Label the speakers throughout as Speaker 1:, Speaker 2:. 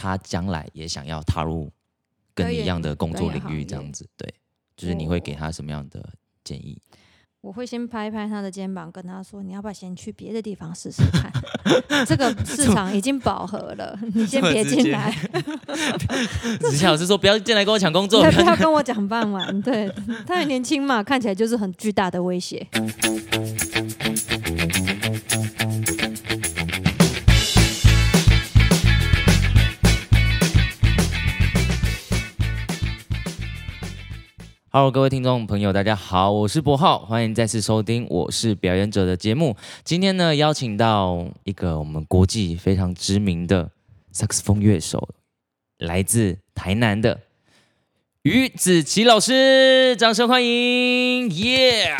Speaker 1: 他將來也想要踏入
Speaker 2: 跟你一樣的工作領域，這樣
Speaker 1: 子對對，對，就是你會給他什麼樣的建議？
Speaker 2: 我會先拍一拍他的肩膀，跟他說：“你要不要先去別的地方試試看？ 這個市場已經飽和了，你先別進來。”
Speaker 1: 子琪老師說：“不要進來跟我搶工作，不 要跟
Speaker 2: 我搶飯碗。”對，他還年輕嘛，看起來就是很巨大的威脅。
Speaker 1: Okay. Hello，各位聽眾朋友，大家好，我是博皓，歡迎再次收聽我是表演者的節目。今天呢，邀請到一個我們國際非常知名的薩克斯風樂手，來自台南的余子琪老師，掌聲歡迎！Yeah。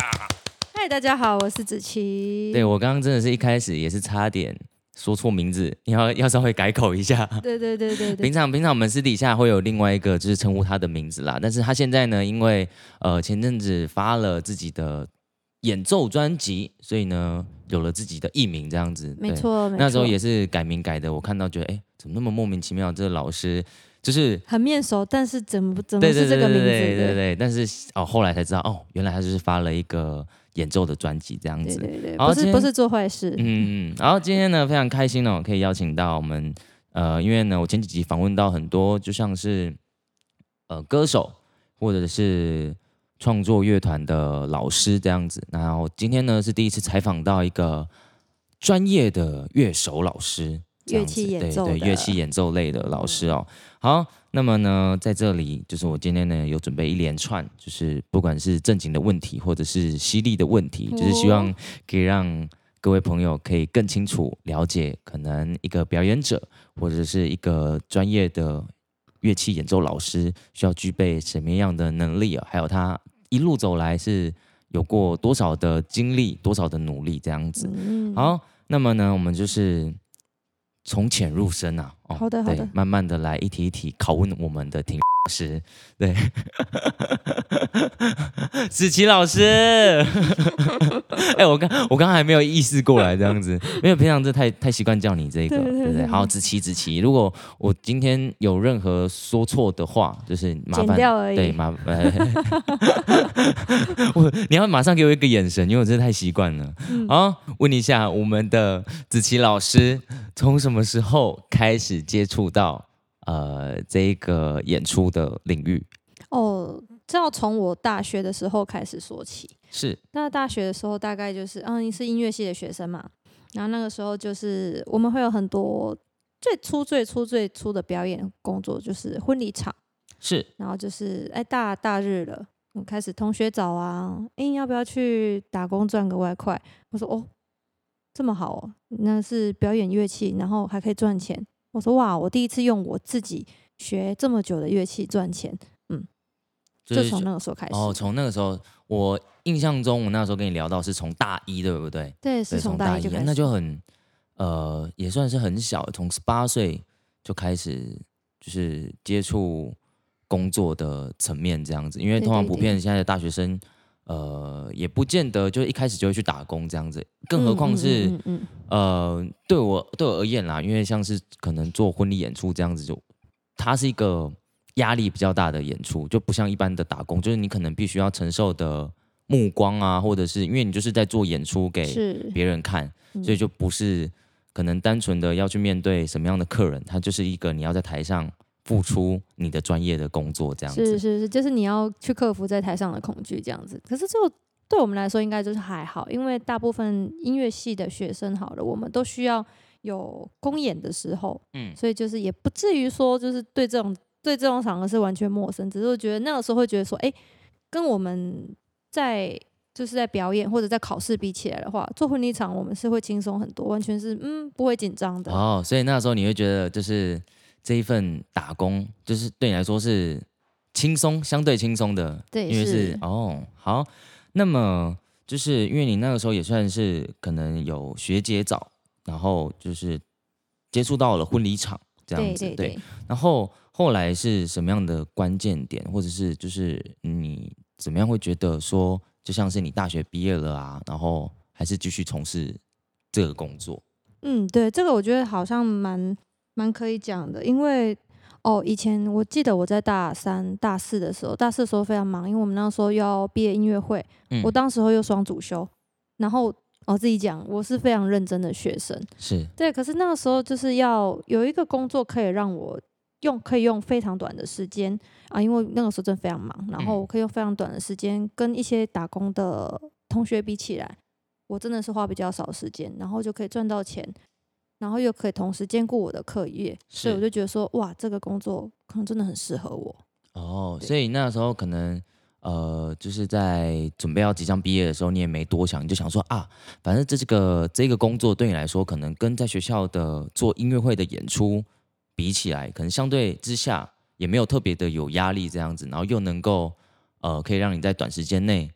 Speaker 2: 嗨，大家好，我是子琪。對，
Speaker 1: 我剛剛真的是一開始也是差點。說錯名字，你要稍微改口一下。對
Speaker 2: 對對對，對，平
Speaker 1: 常平常我們私底下會有另外一個就是稱呼他的名字啦，但是他現在呢，因為呃前陣子發了自己的演奏專輯，所以呢有了自己的藝名這樣子。沒錯，沒錯。那時候也是改名改的，我看到覺得哎，怎麼那麼莫名其妙？這個老師。就是
Speaker 2: 很面熟，但是怎麼怎麼是這個名字？對對對，
Speaker 1: 但是哦，後來才知道哦，原來他就是發了一個演奏的專輯這樣子。對對對，不是不是做壞事。嗯嗯，然後今天呢，非常開心哦，可以邀請到我們呃，因為呢，我前幾集訪問到很多就像是呃歌手或者是創作樂團的老師這樣子，然後今天呢是第一次採訪到一個專業的樂手老師。
Speaker 2: 樂器演奏對對，樂器
Speaker 1: 演奏類的老師哦。嗯、好，那麼呢，在這裡就是我今天呢有準備一連串，就是不管是正經的問題或者是犀利的問題，就是希望可以讓各位朋友可以更清楚了解，可能一個表演者或者是一個專業的樂器演奏老師需要具備什麼樣的能力啊，還有他一路走來是有過多少的經歷，多少的努力這樣子、嗯。好，那麼呢，我們就是。從淺入深啊。好的，好的，慢慢的來，一題一題考問我們的聽老師，對，子 琪老師，哎、 欸，我剛我剛剛還沒有意識過來這樣子，沒有平常這太太習慣叫你這個，對不對,對,對,對,對？好，子琪子琪，如果我今天有任何說錯的話，就是麻煩，對，麻煩， 我你要馬上給我一個眼神，因為我真的太習慣了啊、嗯。問一下我們的子琪老師，從什麼時候開始？接觸到呃這一個演出的領域哦，
Speaker 2: 這要從我大學的時候開始說起。是，那大學的時候大概就是，嗯，你是音樂系的學生嘛？然後那個時候就是我們會有很多最初最初最初的表演工作，就是婚禮場。是，然後就是哎大大日了，我開始同學找啊，哎要不要去打工賺個外快？我說哦這麼好哦，那是表演樂器，然後還可以賺錢。我說哇，我第一次用我自己學這麼久的樂器賺錢，嗯、就是，就從那個時候開始。哦，從那
Speaker 1: 個時候，我印象中我那時候跟你聊到是從大一，對不對？對，對，是從大一，那就很呃，也算是很小，從十八歲就開始就是接觸工作的層面這樣子，因為通常普遍現在的大學生。對對對。嗯。呃，也不見得，就一開始就會去打工這樣子，更何況是嗯嗯嗯嗯嗯呃，對我對我而言啦，因為像是可能做婚禮演出這樣子就，就它是一個壓力比較大的演出，就不像一般的打工，就是你可能必須要承受的目光啊，或者是因為你就是在做演出給別人看，所以就不是可能單純的要去面對什麼樣的客人，他就是一個你要在台上。付出你的專業的工作，這樣子
Speaker 2: 是是是，就是你要去克服在台上的恐懼，這樣子。可是就對我們來說，應該就是還好，因為大部分音樂系的學生，好了，我們都需要有公演的時候，嗯，所以就是也不至於說，就是對這種對這種場合是完全陌生。只是我覺得那個時候會覺得說，哎、欸，跟我們在就是在表演或者在考試比起來的話，做婚禮場我們是會輕鬆很多，完全是嗯不會緊張的。
Speaker 1: 哦，所以那時候你會覺得就是。這一份打工就是對你來說是輕鬆，相對輕鬆的，對，因為是，是哦，好，那麼就是因為你那個時候也算是可能有學姐找，然後就是接觸到了婚禮場這樣子。對對對，對，然後後來是什麼樣的關鍵點，或者是就是你怎麼樣會覺得說，就像是你大學畢業了啊，然後還是繼續從事這個工作？
Speaker 2: 嗯，對，這個我覺得好像蠻。蠻可以講的，因為哦，以前我記得我在大三、大四的時候，大四的時候非常忙，因為我們那時候要畢業音樂會，嗯，我當時候又雙主修，然後我，哦，自己講，我是非常認真的學生，是對，可是那個時候就是要有一個工作可以讓我用，可以用非常短的時間啊，因為那個時候真的非常忙，然後我可以用非常短的時間跟一些打工的同學比起來，我真的是花比較少時間，然後就可以賺到錢。然後又可以同時兼顧我的課業，所以我就覺得說，哇，這個工作可能真的很適合我。
Speaker 1: 哦、oh，所以那時候可能，呃，就是在準備要即將畢業的時候，你也沒多想，你就想說啊，反正這個這個工作對你來說，可能跟在學校的做音樂會的演出比起來，可能相對之下也沒有特別的有壓力這樣子，然後又能夠，呃，可以讓你在短時間內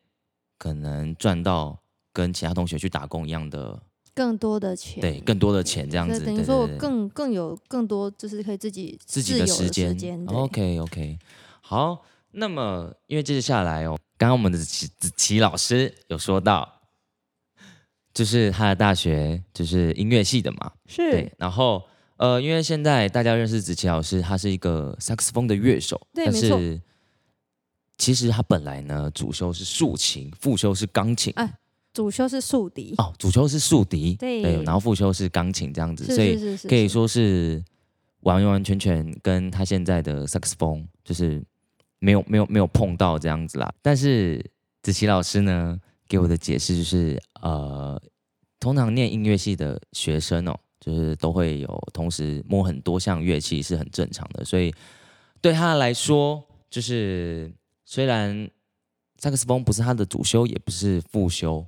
Speaker 1: 可能賺到跟其他同學去打工一樣的。
Speaker 2: 更多的錢，對，
Speaker 1: 更多的錢這樣子，對對對對，等於說我更
Speaker 2: 更有更多，就是可以自己自，的自己的時間。Oh, OK
Speaker 1: OK，好，那麼因為接着下來哦，剛剛我們的子琪老師有說到，就是他的大學就是音樂系的嘛，是。對，然後呃，因為現在大家認識子琪老師，他是一個薩克斯風的樂手，對，但是其實他本來呢主修是豎琴，副修是鋼琴。啊。
Speaker 2: 主修
Speaker 1: 是豎笛哦，主修是豎笛，對，對，然後副修是鋼琴這樣子，是是是是是，所以可以說是完完全全跟他現在的薩克斯風就是沒有沒有沒有碰到這樣子啦。但是子琪老師呢給我的解釋就是，呃，通常念音樂系的學生哦、喔，就是都會有同時摸很多項樂器是很正常的，所以對他來說，就是雖然薩克斯風不是他的主修，也不是副修。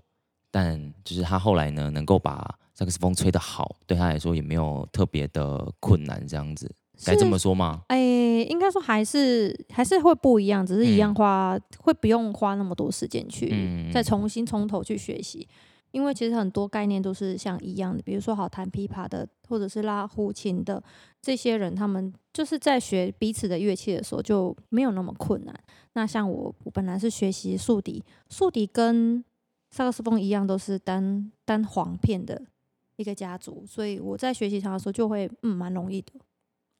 Speaker 1: 但就是他後來呢，能夠把薩克斯風吹得好，對他來說也沒有特別的困難，這樣子該這麼說嗎？
Speaker 2: 哎、欸，應該說還是還是會不一樣，只是一樣花，嗯、會不用花那麼多時間去、嗯、再重新從頭去學習、嗯，因為其實很多概念都是像一樣的，比如說好彈琵琶的或者是拉胡琴的這些人，他們就是在學彼此的樂器的時候就沒有那麼困難。那像我，我本來是學習豎笛，豎笛跟薩克斯風一樣都是單單簧片的一個家族，所以我在學習它的時候就會嗯，蠻容易的，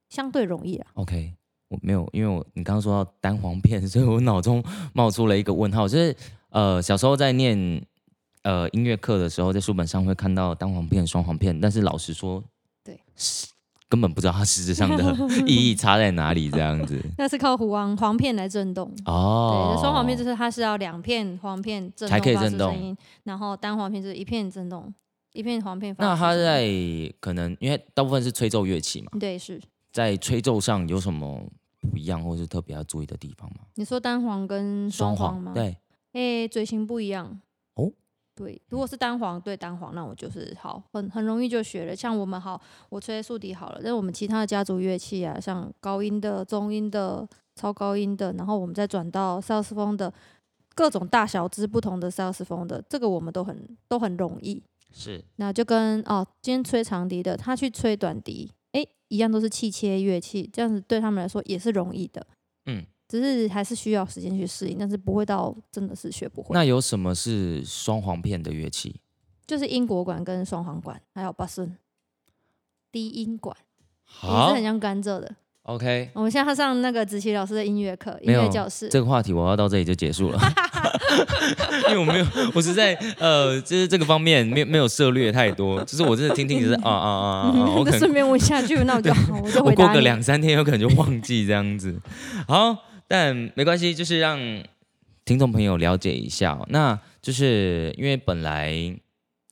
Speaker 2: 相對容易啊。
Speaker 1: OK，我沒有因為我你剛剛說到單簧片，所以我腦中冒出了一個問號，就是呃小時候在念呃音樂課的時候，在書本上會看到單簧片、雙簧片，但是老實說對。是根本不知道它實質上的 意義差在哪裡，這樣子。
Speaker 2: 那是靠簧簧片來震動
Speaker 1: 哦。對，雙簧片就
Speaker 2: 是它是要兩片簧片才可以震動，然後單簧片就是一片震動，一片簧片發。那它
Speaker 1: 在可能因為大部分是吹奏樂器嘛？對，是在吹奏上有什麼不一樣，或是特別要注意的地方嗎？
Speaker 2: 你說單簧跟雙簧嗎？雙簧，對，哎、欸，嘴型不一樣。對，如果是單簧對單簧，那我就是好很很容易就學了。像我們好，我吹豎笛好了，但我們其他的家族樂器啊，像高音的、中音的、超高音的，然後我們再轉到薩克斯風的，各種大小支不同的薩克斯風的，這個我們都很都很容易。是，那就跟哦，今天吹長笛的，他去吹短笛，哎，一樣都是氣切樂器，這樣子對他們來說也是容易的。只是還是需要時間去適應，但是不會到真的是學不會。那
Speaker 1: 有什麼是雙簧片的樂器？
Speaker 2: 就是英國管跟雙簧管，還有巴松、低音管，
Speaker 1: 也是很
Speaker 2: 像甘蔗的。OK，我們現在上那個子琪老師的音樂課，音樂教室。這個
Speaker 1: 話題我要到這裡就結束了， 因為我沒有，我是在呃，就是這個方面沒沒有涉獵太多，就是我真的聽聽就是 啊，啊，啊啊啊， 嗯、我順
Speaker 2: 便問一下去，就那我高 我就我過個兩
Speaker 1: 三天有可能就忘記這樣子， 好。但沒關係，就是讓聽眾朋友了解一下，那就是因為本來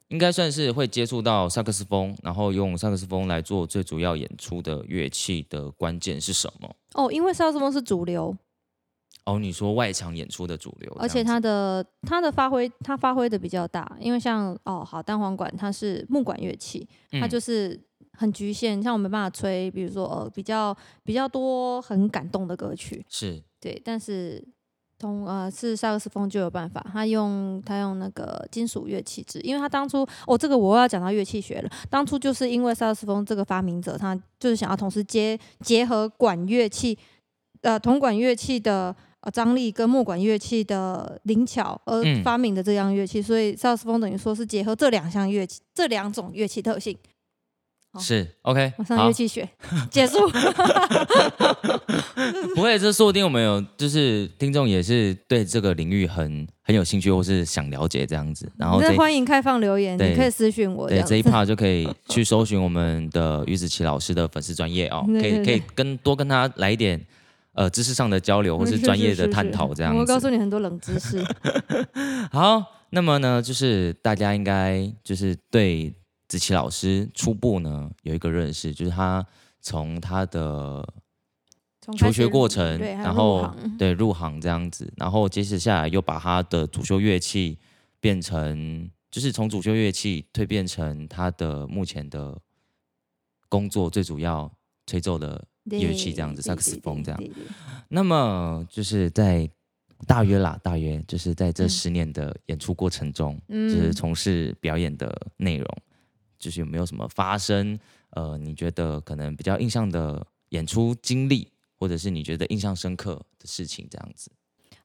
Speaker 1: 應該算是會接觸到薩克斯風，然後用薩克斯風來做最主要演出的樂器的關鍵是什麼？
Speaker 2: 哦，因為薩克斯風是主流。
Speaker 1: 哦，你說外場演出的主流。而且它
Speaker 2: 的它的發揮它發揮的比較大，因為像，哦，好，單簧管它是木管樂器，它就是。嗯很局限，像我沒辦法吹，比如說呃、哦、比較比較多很感動的歌曲，是對。但是銅呃是薩克斯風就有辦法，他用他用那個金屬樂器製，因為他當初哦這個我要講到樂器學了，當初就是因為薩克斯風這個發明者，他就是想要同時結結合管樂器呃銅管樂器的呃張力跟木管樂器的靈巧而發明的這樣樂器，嗯，所以薩克斯風等於說是結合這兩項樂器這兩種樂器特性。
Speaker 1: 是 OK，我上學。
Speaker 2: 結束。
Speaker 1: 不會，這說不定我們有，就是聽眾也是對這個領域很很有興趣，或是想了解這樣子。然後歡
Speaker 2: 迎開放留言，你可以私訊我。對，這一趴
Speaker 1: 就可以去搜尋我們的余子琪老師的粉絲專頁哦，對對對可以可以跟多跟他來一點呃知識上的交流，或是專業的探討這樣子。是是是是我
Speaker 2: 告訴你很多冷知識。
Speaker 1: 好，那麼呢，就是大家應該就是對。子琪老師初步呢有一個認識，就是他從他的求學過程，對，然後對入行這樣子，然後接着下來又把他的主修樂器變成，就是從主修樂器蛻變成他的目前的工作最主要吹奏的樂器這樣子，薩克斯風這樣。對對對對。那麼就是在大約啦，大約就是在這十年的演出過程中，嗯，就是從事表演的內容。就是有沒有什麼發生？呃，你覺得可能比較印象的演出經歷，或者是你覺得印象深刻的事情，這樣子。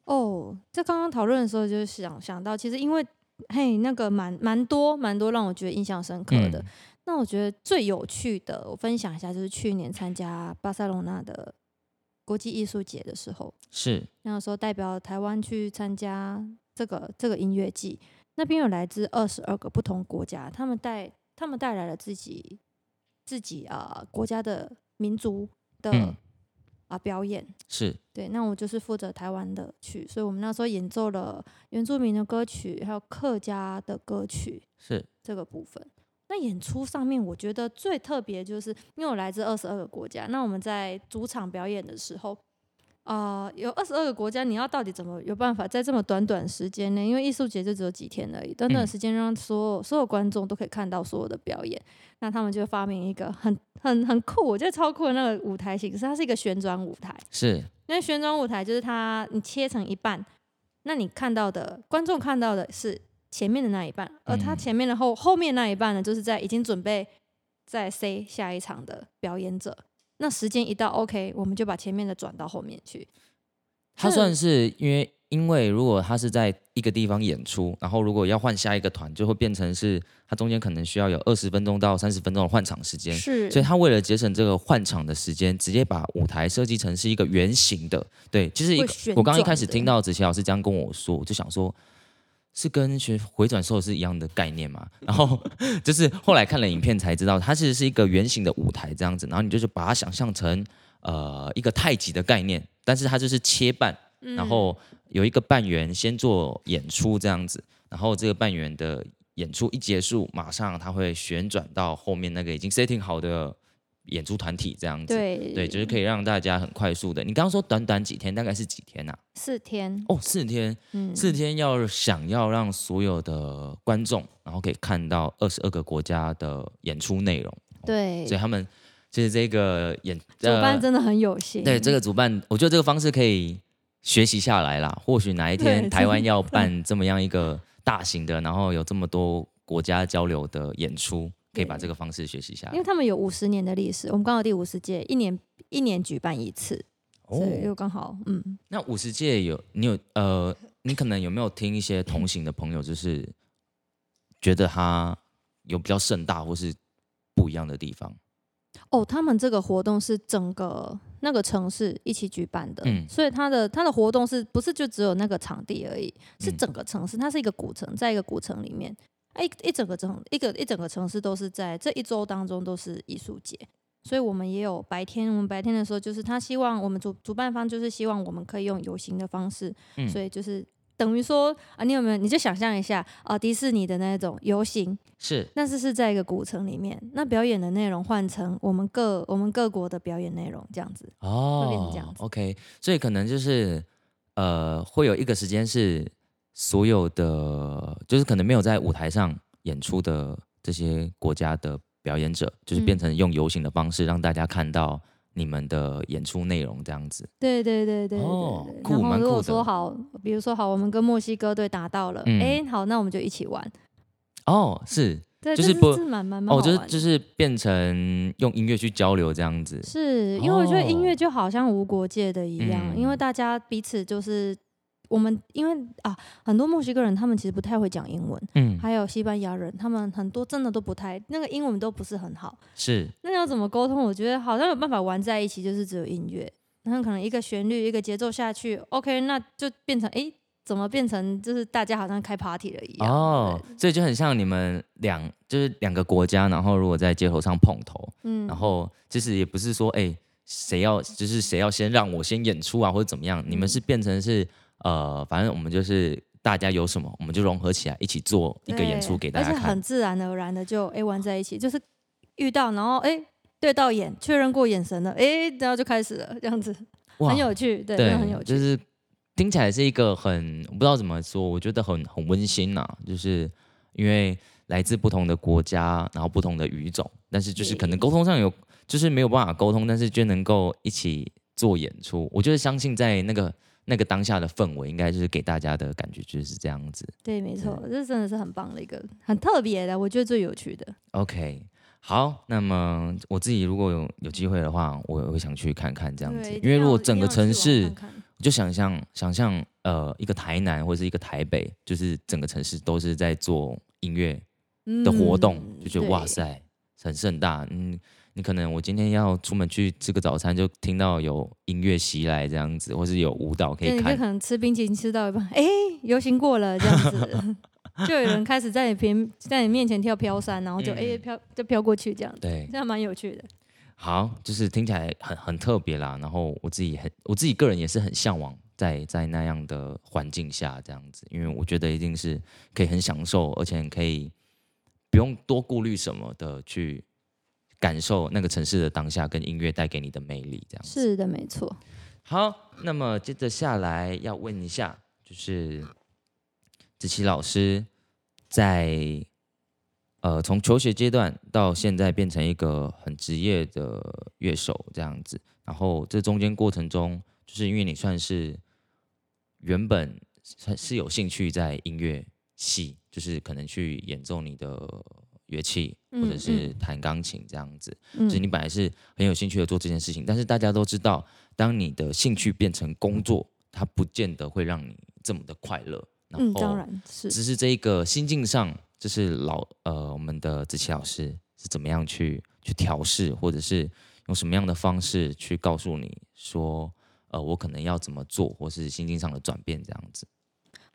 Speaker 2: 哦，在剛剛討論的時候就，就是想想到，其實因為嘿，hey, 那個蠻蠻多蠻多讓我覺得印象深刻的、嗯。那我覺得最有趣的，我分享一下，就是去年參加巴塞羅那的國際藝術節的時候，是那個時候代表台灣去參加這個這個音樂季，那邊有來自二十二個不同國家，他們帶。他們帶來了自己、自己啊國家的民族的、嗯、啊表演是，對，那我就是負責台灣的曲，所以我們那時候演奏了原住民的歌曲，還有客家的歌曲是這個部分。那演出上面，我覺得最特別就是因為我來自二十二個國家，那我們在主場表演的時候。啊、呃，有二十二個國家，你要到底怎麼有辦法在這麼短短時間內？因為藝術節就只有幾天而已，短短時間讓所有、嗯、所有觀眾都可以看到所有的表演，那他們就發明一個很很很酷，我覺得超酷的那個舞台形式，可是它是一個旋轉舞台。是，那旋轉舞台就是它，你切成一半，那你看到的觀眾看到的是前面的那一半，而它前面的後後面那一半呢，就是在已經準備在 C 下一場的表演者。那時間一到，OK，我們就把前面的轉到後面去。他算
Speaker 1: 是因為，因為如果他是在一個地方演出，然後如果要換下一個團，就會變成是他中間可能需要有二十分鐘到三十分鐘的換場時間。是，所以他為了節省這個換場的時間，直接把舞台設計成是一個圓形的。對，其實一個我剛剛一開始聽到子琪老師這樣跟我說，我就想說。是跟學回轉壽司一樣的概念嗎？然後就是後來看了影片才知道，它其實是一個圓形的舞台這樣子，然後你就是把它想象成呃一個太極的概念，但是它就是切半，然後有一個半圓先做演出這樣子，然後這個半圓的演出一結束，馬上它會旋轉到後面那個已經 setting 好的。演出團體這樣子，
Speaker 2: 對，對，就是
Speaker 1: 可以讓大家很快速的。你剛剛說短短幾天，大概是幾天吶、啊？
Speaker 2: 四天
Speaker 1: 哦，四天、嗯，四天要想要讓所有的觀眾，然後可以看到二十二個國家的演出內容，
Speaker 2: 對，所以
Speaker 1: 他們就是這個演主辦、呃、真
Speaker 2: 的很有心，對，這個主
Speaker 1: 辦，我覺得這個方式可以學習下來啦。或許哪一天台灣要辦這麼樣一個大型的， 然後有這麼多國家交流的演出。可以把這個方式學習一下，對，因為
Speaker 2: 他們有五十年的歷史，我們剛好第五十屆，一年一年舉辦一次，
Speaker 1: 哦、所以又
Speaker 2: 剛好，嗯，
Speaker 1: 那五十屆有你有呃，你可能有沒有聽一些同行的朋友，就是覺得他有比較盛大或是不一樣的地方？
Speaker 2: 哦，他們這個活動是整個那個城市一起舉辦的，嗯，所以他的他的活動是不是就只有那個場地而已？是整個城市，嗯、它是一個古城，在一個古城裡面。一一整個城，一個一整個城市都是在這一周當中都是藝術節，所以我們也有白天。我們白天的時候，就是他希望我們主主辦方就是希望我們可以用遊行的方式，嗯，所以就是等於說啊，你有沒有你就想象一下啊，迪士尼的那種遊行是，但是是在一個古城裡面，那表演的內容換成我們各我們各國的表演內容這樣子
Speaker 1: 哦，這樣子 OK，所以可能就是呃，會有一個時間是。所有的就是可能沒有在舞台上演出的這些國家的表演者，就是變成用遊行的方式讓大家看到你們的演出內容這樣子。嗯、
Speaker 2: 對對對對，對哦。哦。然後如果說好，比如說好，我們跟墨西哥隊打到了，哎、嗯欸，好，那我們就一起玩。
Speaker 1: 哦，是。對就是蠻蠻蠻。哦，就是就是變成用音樂去交流這樣子。哦、是因為我覺得音樂
Speaker 2: 就好像無國界的一樣，嗯、因為大家彼此就是。我們因為啊，很多墨西哥人他們其實不太會講英文，嗯，還有西班牙人，他們很多真的都不太那個英文都不是很好，是。那要怎麼溝通？我覺得好像有辦法玩在一起，就是只有音樂，然後可能一個旋律，一個節奏下去，OK，那就變成哎、欸，怎麼變成就是大家好像開 party 了一
Speaker 1: 樣哦，所以就很像你們兩就是兩個國家，然後如果在街頭上碰頭，嗯，然後就是也不是說哎，誰、欸、要就是誰要先讓我先演出啊或者怎麼樣、嗯，你們是變成是。呃，反正我們就是大家有什麼，我們就融合起來一起做一個演出給大家看，就是很
Speaker 2: 自然而然的就哎玩在一起，就是遇到，然後哎對到眼確認過眼神了哎，然後就開始了這樣子，
Speaker 1: 很有趣。對，對對很有趣，就是聽起來是一個很我不知道怎麼說，我覺得很很溫馨吶、啊，就是因為來自不同的國家，然後不同的語種，但是就是可能溝通上有就是沒有辦法溝通，但是就能夠一起做演出，我就是相信在那個。那個當下的氛圍，應該就是給大家的感覺，就是這樣子。
Speaker 2: 對，沒錯，嗯、這真的是很棒的一個很特別的，我覺得最有趣的。
Speaker 1: OK，好，那麼我自己如果有有機會的話，我也會想去看看這樣子。因為如果整個城市，看看就想象想象呃一個台南或者是一個台北，就是整個城市都是在做音樂的活動，嗯、就覺得哇塞，很盛大，嗯。你可能我今天要出門去吃個早餐，就聽到有音樂襲來這樣子，或是有舞蹈可以看。對你就可
Speaker 2: 能吃冰淇淋吃到一半，哎、欸，遊行過了這樣子， 就有人開始在你平在你面前跳飄傘，然後就哎飄、嗯欸、就飄過去這樣子。對，這樣蠻有趣的。
Speaker 1: 好，就是聽起來很很特別啦。然後我自己很我自己個人也是很向往在在那樣的環境下這樣子，因為我覺得一定是可以很享受，而且可以不用多顧慮什麼的去感受那個城市的當下跟音樂帶給你的魅力，這樣。是的，沒錯。好，那麼接着下來要問一下，就是子琪老師在呃從求學階段到現在變成一個很職業的樂手這樣子，然後這中間過程中，就是因為你算是原本算是，是有興趣在音樂系，就是可能去演奏你的。樂器，或者是彈鋼琴、嗯、這樣子，就、嗯、是你本來是很有興趣的做這件事情、嗯，但是大家都知道，當你的興趣變成工作，嗯、它不見得會讓你這麼的快樂，然後、嗯。當然是。只是這一個心境上，就是老呃，我們的子琪老師是怎麼樣去去調適，或者是用什麼樣的方式去告訴你說，呃，我可能要怎麼做，或是心境上的轉變這樣子？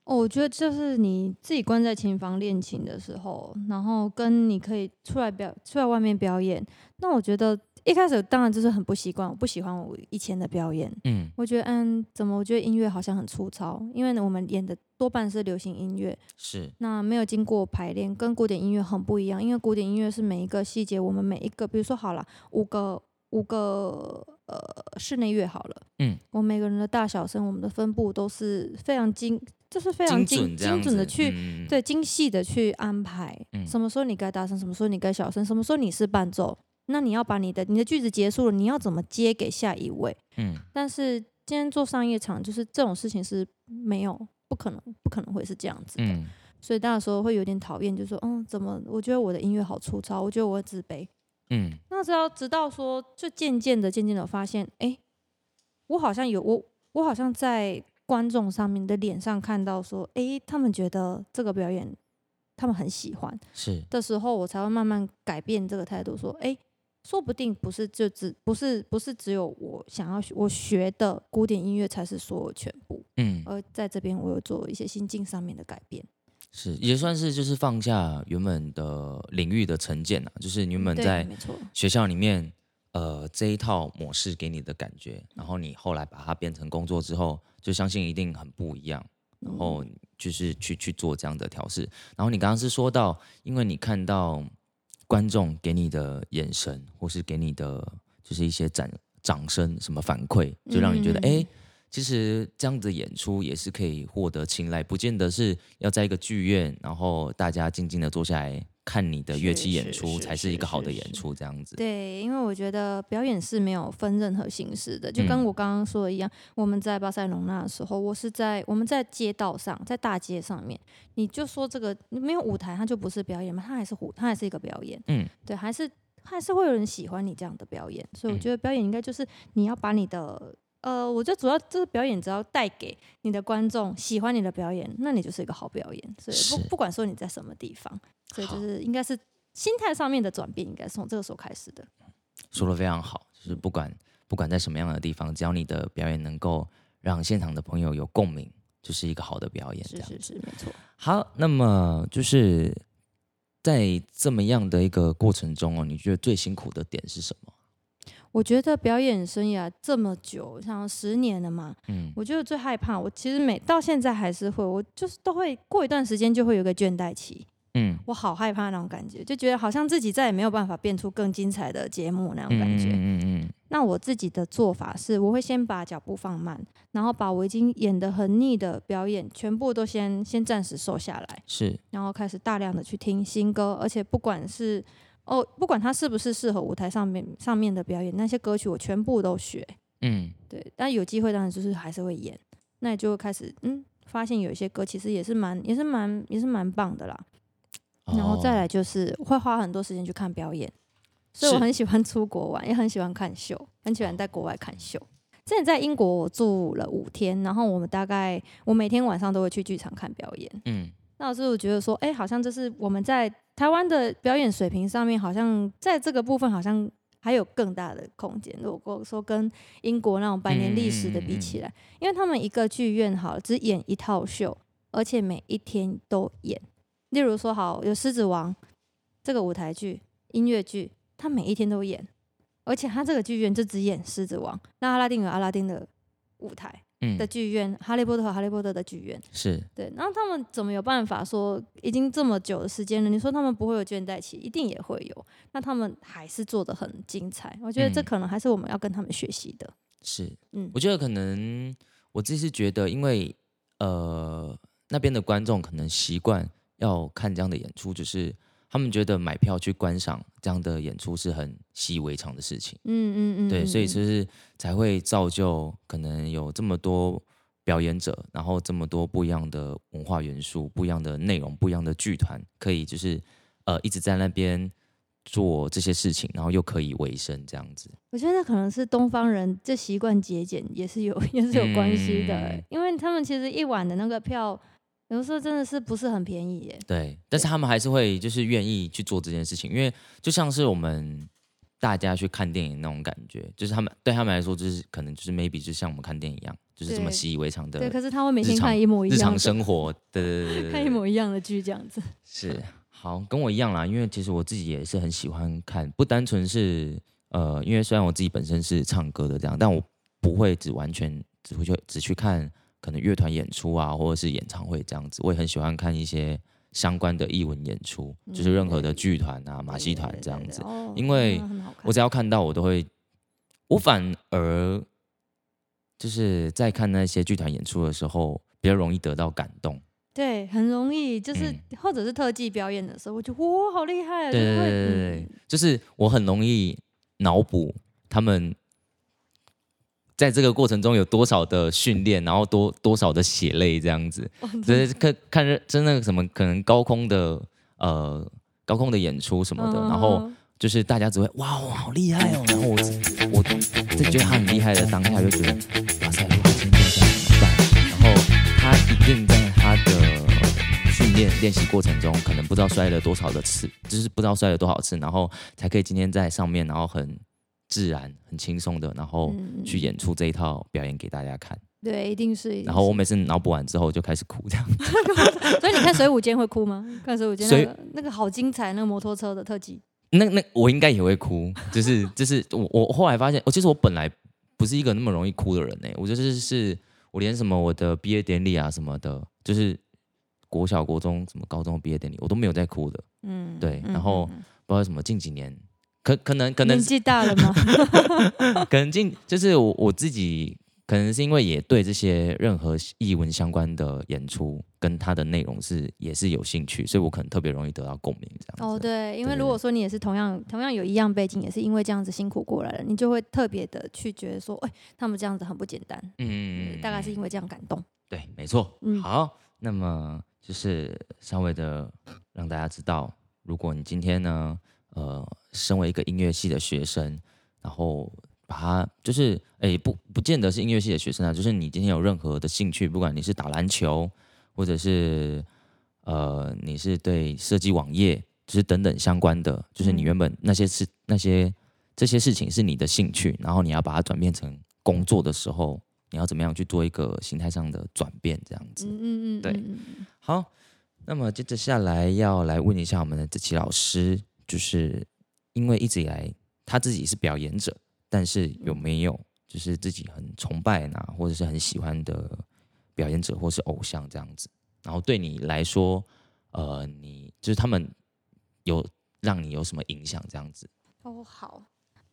Speaker 2: 哦，我覺得就是你自己關在琴房練琴的時候，然後跟你可以出來表出來外面表演。那我覺得一開始當然就是很不習慣，我不喜歡我以前的表演。嗯，我覺得嗯，怎麼？我覺得音樂好像很粗糙，因為呢我們演的多半是流行音樂。是。那沒有經過排練，跟古典音樂很不一樣。因為古典音樂是每一個細節，我們每一個，比如說好了，五個五個。呃，室內樂好了，嗯，我每個人的大小聲，我們的分布都是非常精，就是非常精精準，精準的去，嗯，對，精細的去安排，嗯，什麼時候你該大聲，什麼時候你該小聲，什麼時候你是伴奏，那你要把你的你的句子結束了，你要怎麼接給下一位，嗯，但是今天做商業場，就是這種事情是沒有，不可能，不可能會是這樣子的，嗯，所以大家說會有點討厭，就是、說，嗯，怎麼我覺得我的音樂好粗糙，我覺得我的自卑。嗯，那時候直到說，就漸漸的，漸漸的發現，欸，我好像有我，我好像在觀眾上面的臉上看到說，欸，他們覺得這個表演他們很喜歡，是的時候，我才會慢慢改變這個態度，說，欸，說不定不是就只不是不是只有我想要我學的古典音樂才是所有全部，嗯，而在這邊我有做一些心境上面的改變。
Speaker 1: 是，也算是就是放下原本的領域的成見吶、啊，就是你原本在學校裡面，呃，這一套模式給你的感覺，然後你後來把它變成工作之後，就相信一定很不一樣。然後就是去、嗯、去，去做這樣的調試。然後你剛剛是說到，因為你看到觀眾給你的眼神，或是給你的就是一些掌掌聲什麼反饋，就讓你覺得哎。嗯欸其實這樣子演出也是可以獲得青睞，不見得是要在一個劇院，然後大家靜靜的坐下來看你的樂器演出才是一個好的演出。這樣子。是是
Speaker 2: 是是是是對，因為我覺得表演是沒有分任何形式的，就跟我剛剛說的一樣，我們在巴塞隆納的時候，我是在我們在街道上，在大街上面，你就說這個沒有舞台，它就不是表演嘛，它還是它還是一個表演。嗯，對，還是還是會有人喜歡你這樣的表演，所以我覺得表演應該就是你要把你的。呃，我覺得主要就是表演，只要帶給你的觀眾喜歡你的表演，那你就是一個好表演。所以不不管說你在什麼地方，所以就是應該是心態上面的轉變，應該是從這個時候開始的。
Speaker 1: 說得非常好，就是不管不管在什麼樣的地方，只要你的表演能夠讓現場的朋友有共鳴，就是一個好的表演。是是是，沒錯。好，那麼就是在這麼樣的一個過程中哦，你覺得最辛苦的點是什麼？
Speaker 2: 我覺得表演生涯這麼久，像十年了嘛，嗯，我覺得最害怕。我其實每到現在還是會，我就是都會過一段時間就會有個倦怠期，嗯，我好害怕那種感覺，就覺得好像自己再也沒有辦法變出更精彩的節目那種感覺，嗯嗯、嗯嗯。那我自己的做法是，我會先把腳步放慢，然後把我已經演得很膩的表演全部都先先暫時收下來，是，然後開始大量的去聽新歌，而且不管是。哦、oh，不管他是不是適合舞台上面上面的表演，那些歌曲我全部都學。嗯，對。但有機會當然就是還是會演。那你就開始嗯，發現有一些歌其實也是蠻也是蠻也是蠻棒的啦。然後再來就是、哦、會花很多時間去看表演，
Speaker 1: 所以我很
Speaker 2: 喜歡出國玩，也很喜歡看秀，很喜歡在國外看秀。之前在英國我住了五天，然後我們大概我每天晚上都會去劇場看表演。嗯，那我是我覺得說，哎、欸，好像這是我們在。台灣的表演水平上面，好像在這個部分好像還有更大的空間。如果說跟英國那種百年歷史的比起來，因為他們一個劇院好只演一套秀，而且每一天都演。例如說，好有《獅子王》這個舞台劇、音樂劇，他每一天都演，而且他這個劇院就只演《獅子王》。那《阿拉丁》有《阿拉丁》的舞台。的劇院《哈利波特》和《哈利波特》的劇院是對，那他們怎麼有辦法說已經這麼久的時間了？你說他們不會有倦怠期，一定也會有。那他們還是做得很精彩。嗯，我覺得這可能還是我們要跟他們學習的。
Speaker 1: 是，嗯，我覺得可能我自己是覺得，因為呃，那邊的觀眾可能習慣要看這樣的演出，就是。他們覺得買票去觀賞這樣的演出是很習以為常的事情。嗯嗯嗯，對，所以就是才會造就可能有這麼多表演者，然後這麼多不一樣的文化元素、不一樣的內容、不一樣的劇團，可以就是呃一直在那邊做這些事情，然後又可以維生這樣子。
Speaker 2: 我覺得那可能是東方人這習慣節儉也是有也是有關係的，嗯，因為他們其實一晚的那個票。有的時候真的是不是很便宜耶。
Speaker 1: 對，對，但是他們還是會就是願意去做這件事情，因為就像是我們大家去看電影那種感覺，就是他們對他們來說就是可能就是 maybe 就像我們看電影一樣，就是這麼習以為常的常。對。對，可是他會每天看一模一樣的日，日常生活的 看一
Speaker 2: 模一樣的劇這樣子。
Speaker 1: 是，好，跟我一樣啦，因為其實我自己也是很喜歡看，不單純是呃，因為雖然我自己本身是唱歌的這樣，但我不會只完全只會去，只去看。可能樂團演出啊，或者是演唱會這樣子，我也很喜歡看一些相關的藝文演出，嗯、就是任何的劇團啊、馬戲團這樣子，oh, 因為，我只要看到我都會，我反而就是在看那些劇團演出的時候，比較容易得到感動。
Speaker 2: 對，很容易，就是、嗯、或者是特技表演的時候，我就哇、哦，好厲害、啊！對對對，對，
Speaker 1: 對、嗯，就是我很容易腦補他們。在這個過程中有多少的訓練，然後多多少的血淚這樣子， 就是看看真、就是、那個什麼可能高空的呃高空的演出什麼的，嗯、然後就是大家只會哇、哦、好厲害哦，嗯、然後我我,我就覺得他很厲害的當下就覺得哇塞，我今天在怎麼辦？然後他一定在他的訓練練習過程中，可能不知道摔了多少的次，就是不知道摔了多少次，然後才可以今天在上面，然後很。自然很輕鬆的，然後去演出這一套表演給大家看。
Speaker 2: 嗯、對一，一定是。然後我
Speaker 1: 每次腦補完之後就開始哭，這樣。
Speaker 2: 所以你看水舞間會哭嗎？看水舞間，那個，水那個好精彩，那個摩托車的特技。
Speaker 1: 那那我應該也會哭，就是就是我我後來發現，我，哦、其實我本來不是一個那麼容易哭的人呢，欸。我就是是我連什麼我的畢業典禮啊什麼的，就是國小、國中、什麼高中畢業典禮，我都沒有在哭的。嗯，
Speaker 2: 對。然後、
Speaker 1: 嗯、哼哼，不知道什麼近幾年。可可能可能年紀大了嗎？ 可能近就是我我自己，可能是因為也對這些任何藝文相關的演出跟它的內容是也是有興趣，所以我可能特別容易得到共鳴
Speaker 2: 這樣。哦，對，因為如果說你也是同樣同樣有一樣背景，也是因為這樣子辛苦過來了，你就會特別的去覺得說，哎、欸，他們這樣子很不簡單。嗯，
Speaker 1: 大概是因
Speaker 2: 為這樣感動。
Speaker 1: 對，沒錯、嗯。好，那麼就是稍微的讓大家知道，如果你今天呢，呃。身為一個音樂系的學生，然後把它就是哎、欸、不不見得是音樂系的學生啊，就是你今天有任何的興趣，不管你是打籃球，或者是呃你是對設計網頁，就是等等相關的，就是你原本那些事那些，那些這些事情是你的興趣，然後你要把它轉變成工作的時候，你要怎麼樣去做一個形態上的轉變，這樣子，嗯嗯對，好，那麼接下來要來問一下我們的子琪老師，就是。因為一直以來他自己是表演者，但是有沒有就是自己很崇拜、啊、或者是很喜歡的表演者或者是偶像這樣子？然後對你來說，呃，你就是他們有讓你有什麼影響這樣子？
Speaker 2: 哦好，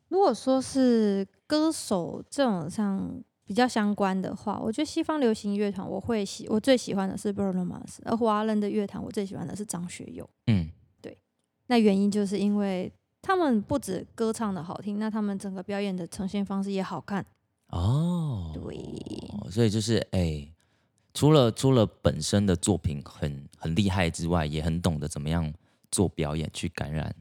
Speaker 2: 如果說是歌手這種上比較相關的話，我覺得西方流行樂团我會喜我最喜歡的是 Bruno Mars，而華人的樂团我最喜歡的是張學友。嗯，對，那原因就是因為。他們不只歌唱的好聽，那他們整個表演的呈現方式也好看
Speaker 1: 哦。對，所以就是哎、欸，除了除了本身的作品很很厲害之外，也很懂得怎麼樣做表演去感染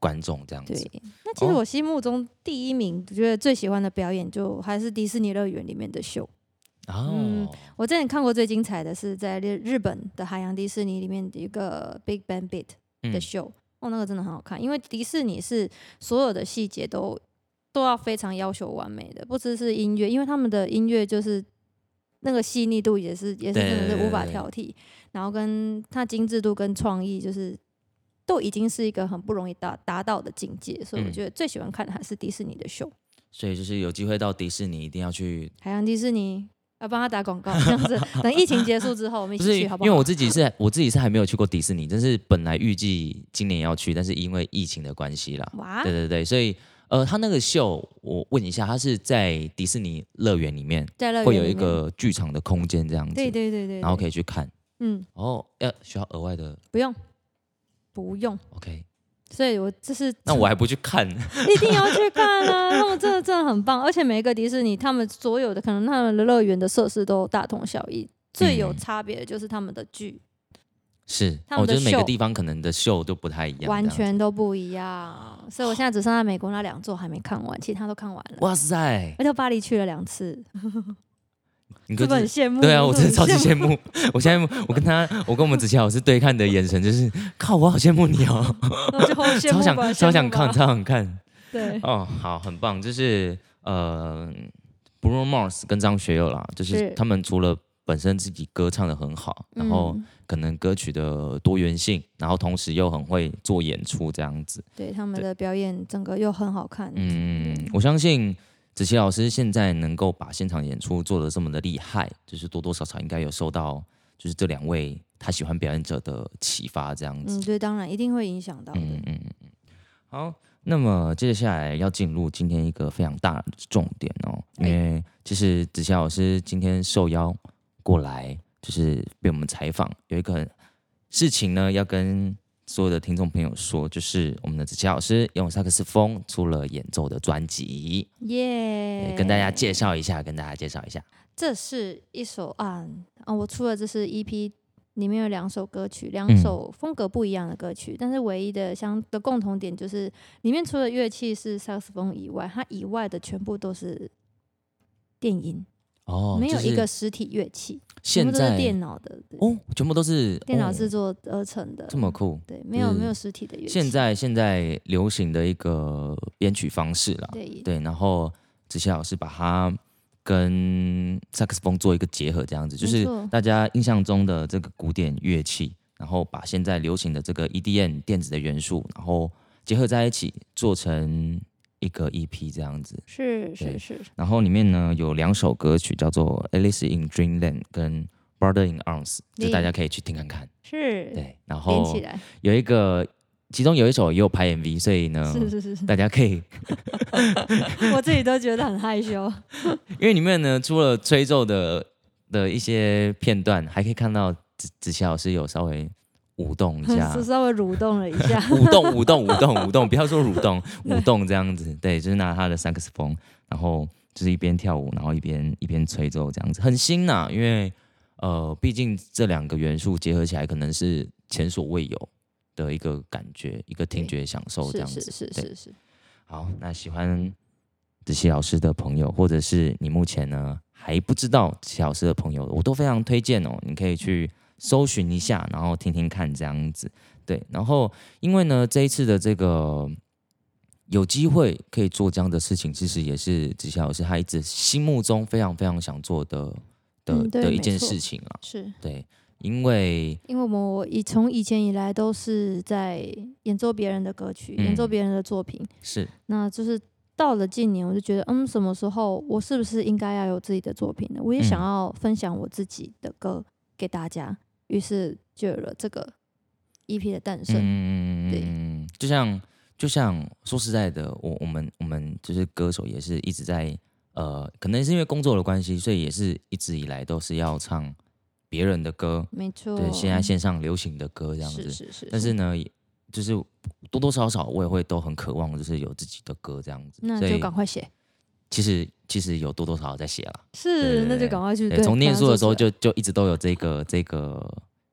Speaker 1: 觀眾這樣子。那其實我
Speaker 2: 心目中第一名，覺得最喜歡的表演就還是迪士尼樂園裡面的秀。
Speaker 1: 哦。嗯，
Speaker 2: 我之前看過最精彩的是在日本的海洋迪士尼裡面的一個 Big Band Beat 的秀。嗯哦，那個真的很好看，因為迪士尼是所有的細節都都要非常要求完美的，不只是音樂，因為他們的音樂就是那個細膩度也是也是真的是無法挑剔，對對對對對，然後跟它精緻度跟創意就是都已經是一個很不容易達達到的境界，所以我覺得最喜歡看的還是迪士尼的秀。
Speaker 1: 所以就是有機會到迪士尼一定要去
Speaker 2: 海洋迪士尼。要幫他打廣告，這樣子。等疫情結束之後， 我們一起去不好不好？因為我自己是，
Speaker 1: 我自己是還沒有去過迪士尼，但是本來預計今年要去，但是因為疫情的關係啦。哇！對對對，所以呃，他那個秀，我問一下，他是在迪士尼樂園裡，裡面，會有一個劇場的空間這樣子，對，
Speaker 2: 對對對對，然後可以去看，
Speaker 1: 嗯，然後，哦，要需要額外的，
Speaker 2: 不用，不用，OK。所以，我這是
Speaker 1: 那我還不去看，
Speaker 2: 一定要去看啊！ 他們真的真的很棒，而且每一個迪士尼，他們所有的可能，他們的樂園的設施都大同小異，嗯，最有差別的就是他們的劇。
Speaker 1: 是，我覺得每個地方可能的秀都不太一樣，完全
Speaker 2: 都不一樣。所以，我現在只剩在美國那兩座還沒看完，其他都看完了。哇塞！而且巴黎去了兩次。 你真的很羨慕，對啊，我真的超級羨慕。我
Speaker 1: 羨慕。我，羨慕 我跟他，我跟我們子琪老師對看的眼神，就是靠，我好羨慕你哦，就我超想超想看，超想看。對，哦、oh，好，很棒，就是呃，Bruno Mars 跟張學友啦，就是他們除了本身自己歌唱得很好，然後可能歌曲的多元性，然後同時又很會做演出這樣子。
Speaker 2: 對，他們的表演整個又很好看。嗯，我
Speaker 1: 相信。子琪老師現在能夠把現場演出做得這麼的厲害，就是多多少少應該有受到就是這兩位他喜歡表演者的啟發這樣
Speaker 2: 子。嗯，對，當然一定會影響到。嗯嗯嗯
Speaker 1: 嗯。好，那麼接下來要進入今天一個非常大的重點哦，喔，嗯，因為就是子琪老師今天受邀過來，就是被我們採訪，有一個事情呢要跟。所有的聽眾朋友說，就是我們的子琪老師用薩克斯風出了演奏的專輯，耶、
Speaker 2: yeah！跟大家
Speaker 1: 介紹一下，跟大家介紹一下，
Speaker 2: 這是一首啊啊，我出了這是 EP，裡面有兩首歌曲，兩首風格不一樣的歌曲，嗯、但是唯一的相的共同點就是裡面除了樂器是薩克斯風以外，它以外的全部都是電音哦，沒有一個實體樂器。現在全部都是電腦的對哦，全部都是電腦製作而成的。哦，這麼酷，對，沒有、就
Speaker 1: 是、沒有實體的樂器、嗯。現在現在流行的一個編曲方式啦，對，對，然後子琪老師把它跟薩克斯風做一個結合，這樣子就是大家印象中的這個古典樂器，然後把現在流行的這個 EDM 電子的元素，然後結合在一起做成。一個 EP 這樣子，是是是，然後裡面呢有兩首歌曲叫做《Alice in Dreamland》跟《Brother in Arms》，就大家可以去聽看看。是，對，然後連起來有一個，其中有一首也有拍 MV，所以呢，是是是，大家可以，
Speaker 2: 我自己都覺得很害羞
Speaker 1: 因為裡面呢除了吹奏的的一些片段，還可以看到子子琪老師有稍微。舞動一下，是
Speaker 2: 稍微蠕動了一下。舞動，舞動，舞動，舞
Speaker 1: 動，不要說蠕動， 舞動這樣子。對，就是拿他的薩克斯風，然後就是一邊跳舞，然後一邊一邊吹奏這樣子，很新吶、啊。因為呃，畢竟這兩個元素結合起來，可能是前所未有的一個感覺，一個聽覺享受這樣子。是是是是。好，那喜歡子琪老師的朋友，或者是你目前呢還不知道子琪老師的朋友，我都非常推薦哦，你可以去。搜尋一下，然後聽聽看，這樣子，對。然後，因為呢，這一次的這個有機會可以做這樣的事情，其實也是子琪老師子心目中非常非常想做的的、嗯、的一件事情啊。是，對，因為
Speaker 2: 因為我以從以前以來都是在演奏別人的歌曲，嗯，演奏別人的作品，是。那就是到了近年，我就覺得，嗯，什麼時候我是不是應該要有自己的作品呢？我也想要分享我自己的歌給大家。嗯於是就有了這個 EP 的誕生。嗯嗯嗯嗯。對，
Speaker 1: 就像就像說實在的，我我們我們就是歌手，也是一直在呃，可能是因為工作的關係，所以也是一直以來都是要唱別人的歌。
Speaker 2: 沒錯。對，現在線
Speaker 1: 上流行的歌這樣子。是是是是。但是呢，就是多多少少我也會都很渴望，就是有自己的歌這樣子。那就趕快寫。其實其實有多多少少在寫了，
Speaker 2: 啊，是，那就趕快去。從念書的時候
Speaker 1: 就就，就一直都有這個這個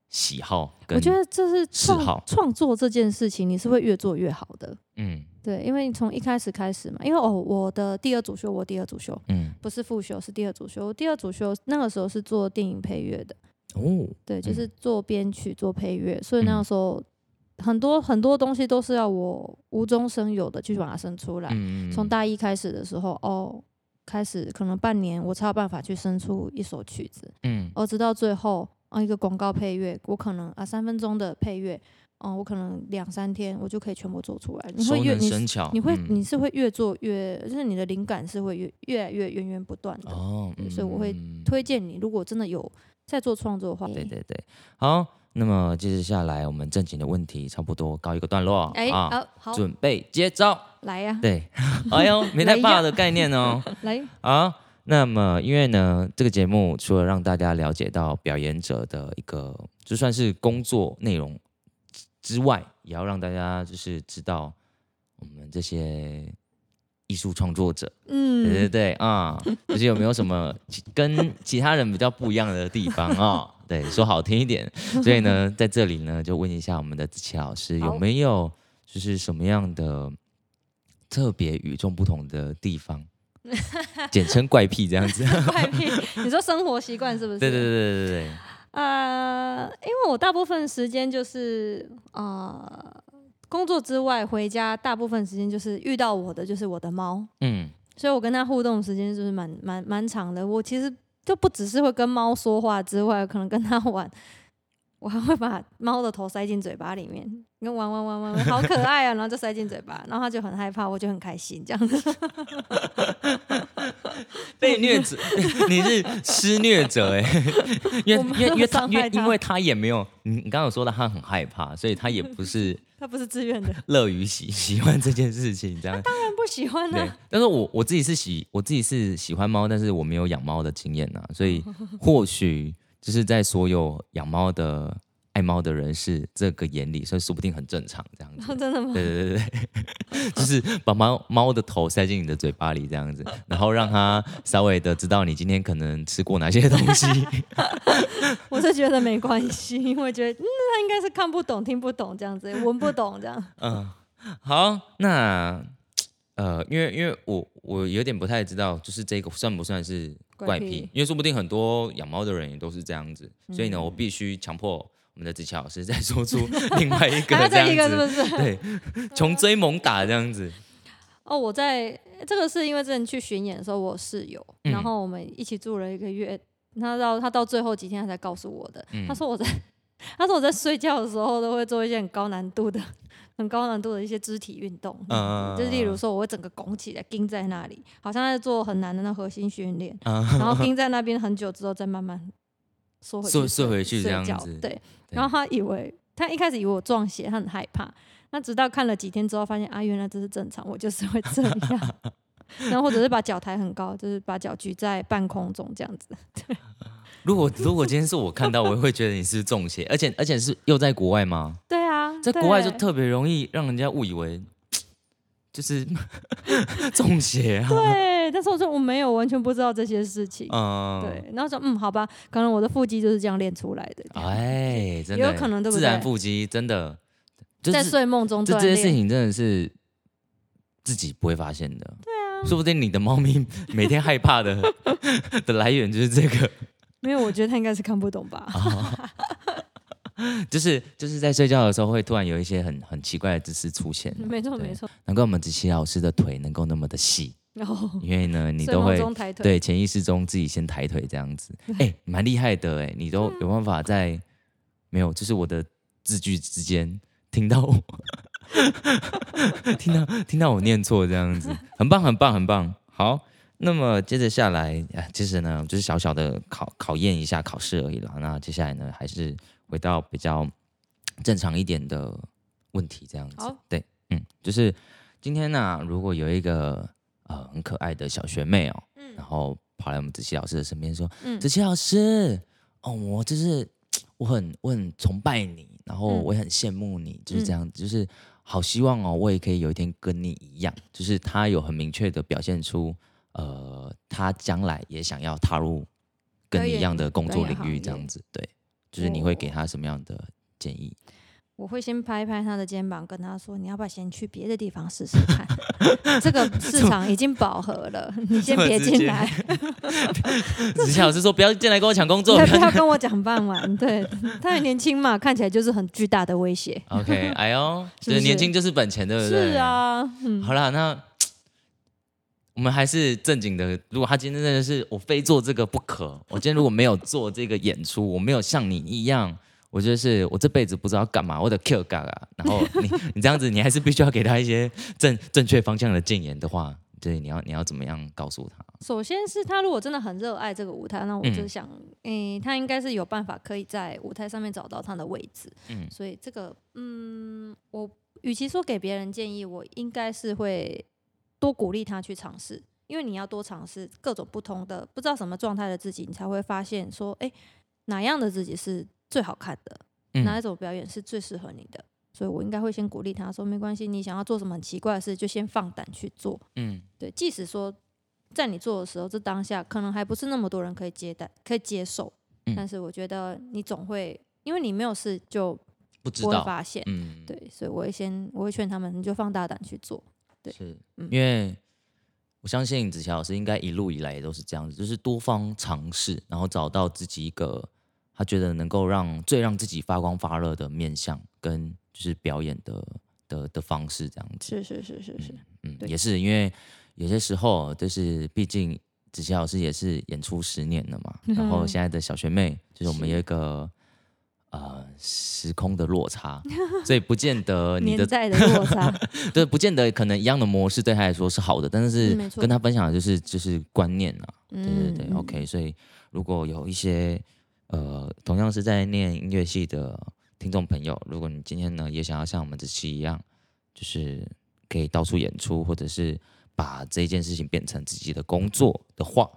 Speaker 1: 喜好，我覺得
Speaker 2: 這是創嗜好。創作這件事情，你是會越做越好的。嗯，對，因為你從一開始開始嘛，因為哦我的第二主修，我第二主修，嗯，不是副修，是第二主修。我第二主修那個時候是做電影配樂的，
Speaker 1: 哦，對，就是
Speaker 2: 做編曲做配樂，所以那個時候。嗯很多很多東西都是要我無中生有的去把它生出來。從、嗯、大一開始的時候，哦，開始可能半年我才有辦法去生出一首曲子。嗯，而直到最後，啊、嗯，一個廣告配樂，我可能啊三分鐘的配樂，哦、嗯，我可能兩三天我就可以全部做出來。你會，越，你，你會，你是會越做越，嗯、就是你的靈感是會越越來越源源不斷的哦、嗯。所以我會推薦你，如果真的有在做創作的話、
Speaker 1: 欸，對對對，好。那麼，接着下來，我們正經的問題差不多告一個段落，欸、啊，啊好，準備接招，來呀，啊，對， 哎呦，沒太大的概念哦，來，啊，好，啊，那麼，因為呢，這個節目除了讓大家了解到表演者的一個就算是工作內容之外，也要讓大家就是知道我們這些藝術創作者，嗯，對對對啊， 就是有沒有什麼跟其他人比較不一樣的地方啊？對，說好聽一點。 所以呢，在這裡呢，就問一下我們的子琪老師，有沒有就是什麼樣的特別與眾不同的地方？ 簡稱怪癖這樣子。 怪癖，
Speaker 2: 你說生活習慣是不是？對對對對對對。呃，因為我大部分時間就是啊、呃，工作之外回家，大部分時間就是遇到我的就是我的貓。嗯。所以我跟他互動的時間就是蠻蠻蠻長的。我其實。就不只是會跟貓說話之外，可能跟它玩，我還會把貓的頭塞進嘴巴裡面，你看，玩玩玩玩，好可愛啊！然後就塞進嘴巴，然後它就很害怕，我就很開心這樣子。
Speaker 1: 被虐者， 你是施虐者哎， 因為因為因為因為他也沒有你你剛剛有說的他很害怕，所以他也不是。
Speaker 2: 他不是自願的，
Speaker 1: 樂於喜喜歡這件事情，這樣。 他當
Speaker 2: 然不喜歡了。
Speaker 1: 對，但是我我自己是喜，我自己是喜歡貓，但是我沒有養貓的經驗啊，所以或許就是在所有養貓的。貓的人是這個眼裡，所以說不定很正常，這
Speaker 2: 樣子， 真的嗎？對對
Speaker 1: 對， 就是把貓貓的頭塞進你的嘴巴裡這樣子，然後讓它稍微的知道你今天可能吃過哪些東西。
Speaker 2: 我是覺得沒關係，因為覺得那、嗯、應該是看不懂、聽不懂這樣子，聞不懂這樣。
Speaker 1: 嗯，好，那呃，因為因為我我有點不太知道，就是這個算不算是怪癖？怪癖。因為說不定很多養貓的人也都是這樣子，嗯、所以呢，我必須強迫。我們的子琪老師在說出另外一個這 一個是不是？對，窮、啊、追猛打這樣子。
Speaker 2: 哦，我在這個是因為之前去巡演的時候，我有室友、嗯，然後我們一起住了一個月，他到他到最後幾天他才告訴我的、嗯。他說我在，他說我在睡覺的時候都會做一些很高難度的、很高難度的一些肢體運動。嗯嗯。就是、例如說，我會整個拱起來，撐在那裡，好像在做很難的那核心訓練、嗯，然後撐在那邊很久之後，再慢慢。縮回縮回去這樣子對，對。然後他以為他一開始以為我中邪，他很害怕。那直到看了幾天之後，發現啊，原來這是正常，我就是會這樣。 然後或者是把腳抬很高，就是把腳舉在半空中這樣子。對。
Speaker 1: 如果如果今天是我看到，我會覺得你是中邪， 而且而且是又在國外嘛。
Speaker 2: 對啊對，在國外就
Speaker 1: 特別容易讓人家誤以為就是 中邪啊。對。
Speaker 2: 但是，我就我沒有我完全不知道這些事情，嗯，對。那時說嗯，好吧，可能我的腹肌就是這樣練出來
Speaker 1: 的。哎，也有可能，對不對，自然腹肌真的、就是、在睡夢中。這這些事情真的是自己不會發現的。對啊，說不定你的貓咪每天害怕的 的來源就是這個。
Speaker 2: 沒有，我覺得他應該是看不懂吧。
Speaker 1: 哦、 就是就是在睡覺的時候會突然有一些很很奇怪的姿勢出現。
Speaker 2: 沒錯沒錯，
Speaker 1: 能怪我們子琪老師的腿能夠那麼的細。
Speaker 2: Oh, 因為呢，你都會對
Speaker 1: 潛意識中自己先抬腿這樣子，哎、 欸，蠻厲害的哎、欸，你都有辦法在 沒有，就是我的字句之間聽到我， 聽到聽到我念錯這樣子，很棒很棒很棒。好，那麼接着下來、啊，其實呢，就是小小的考考驗一下考試而已啦。那接下來呢，還是回到比較正常一點的問題這樣子。Oh. 對，嗯，就是今天呢、啊，如果有一個。呃，很可愛的小學妹哦，嗯、然後跑來我們子琪老師的身邊說：“子、嗯、琪老師，哦，我就是我很我很崇拜你，然後我也很羨慕你，嗯、就是這樣子，就是好希望哦，我也可以有一天跟你一樣，就是他有很明確的表現出，呃，他將來也想要踏入跟你一樣的工作領域這樣子，對，對，就是你會給他什麼樣的建議？”哦
Speaker 2: 我會先拍一拍他的肩膀，跟他說：“你要不要先去別的地方試試看？ 這個市場已經飽和了，你先別進來。”
Speaker 1: 子琪老師說：“不要進來跟我搶工作，他不要跟
Speaker 2: 我講飯碗。 ”對，他很年輕嘛，看起來就是很巨大的威脅。
Speaker 1: OK，哎呦， 是，是年輕就是本錢的，是啊。
Speaker 2: 嗯、好啦，
Speaker 1: 那我們還是正經的。如果他今天真的是我非做這個不可，我今天如果沒有做這個演出，我沒有像你一樣。我覺、就、得是我這輩子不知道幹嘛，我得 cue 嘎嘎。然後你，你這樣子，你還是必須要給他一些正正確方向的建言的話，對，你要你要怎麼樣告訴他？
Speaker 2: 首先是他如果真的很熱愛這個舞台，那我就想，哎、嗯欸，他應該是有辦法可以在舞台上面找到他的位置。嗯，所以這個，嗯，我與其說給別人建議，我應該是會多鼓勵他去嘗試，因為你要多嘗試各種不同的不知道什麼狀態的自己，你才會發現說，哎、欸，哪樣的自己是。最好看的、嗯、哪一種表演是最適合你的？所以我應該會先鼓勵他說：“沒關係，你想要做什麼很奇怪的事，就先放膽去做。”嗯，對。即使說在你做的時候，這當下可能還不是那麼多人可以接待、可以接受，嗯、但是我覺得你總會，因為你沒有事就
Speaker 1: 不知道、不會發現。嗯，
Speaker 2: 對。所以我會先，我會勸他們，你就放大膽去做。
Speaker 1: 對，是。嗯，因為我相信子琪老師應該一路以來也都是這樣子，就是多方嘗試，然後找到自己一個。他覺得能夠讓最讓自己發光發熱的面向跟就是表演的的的方式這樣子，是
Speaker 2: 是是是
Speaker 1: 是，嗯，嗯也是因為有些時候就是，畢竟子琪老師也是演出十年了嘛，嗯、然後現在的小學妹就是我們有一個呃時空的落差， 所以不見得你的，你在的落差，對， 就是不見得可能一樣的模式對他來說是好的，但是跟他分享的就是就是觀念啊，嗯、對對對、嗯、，OK，所以如果有一些。呃，同樣是在念音樂系的聽眾朋友，如果你今天呢也想要像我們這期一樣，就是可以到處演出，嗯、或者是把這件事情變成自己的工作的話，